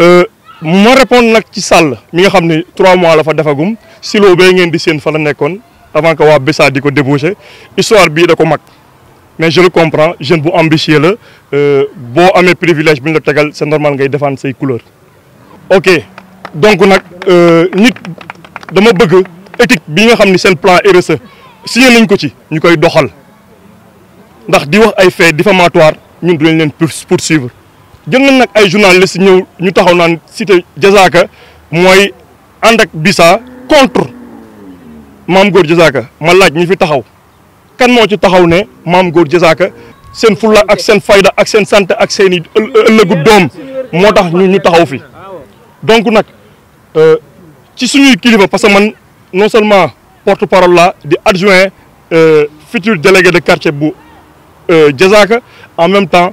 Euh, ma répondre nag ci Sall mi nga xam ne trois mois la fa defagum silo bee ngeen di seen fa la nekkoon avant que waa Bessa di ko débauché histoire bii da ko mag mais je le comprends jeune bu ambitieux la euh, boo amee privilège bu ñu la tegal c'est normal ngay défendre say couleur ok donc nag euh, nit dama bëgg éthique bi nga xam ni seen plan RSE signé nañ ko ci ñu koy doxal ndax di wax ay faits diffamatoires ñun du leen leen poursuivre jël nag ay journalistes ñëw ñu taxaw naan site Diazaka mooy ànd ak Bissa contre maam Gor Diazaka ma laaj ñi fi taxaw kan moo ci taxaw ne maam Gor Diazaka seen fulla ak seen fayda ak seen santé ak seen i ëllëgu doom moo tax ñu taxaw fi donc nag euh, ci suñuy kilifa parce que man non seulement porte parole la di adjoint euh, futur délégué de quartier bu euh, Diazaka en même temps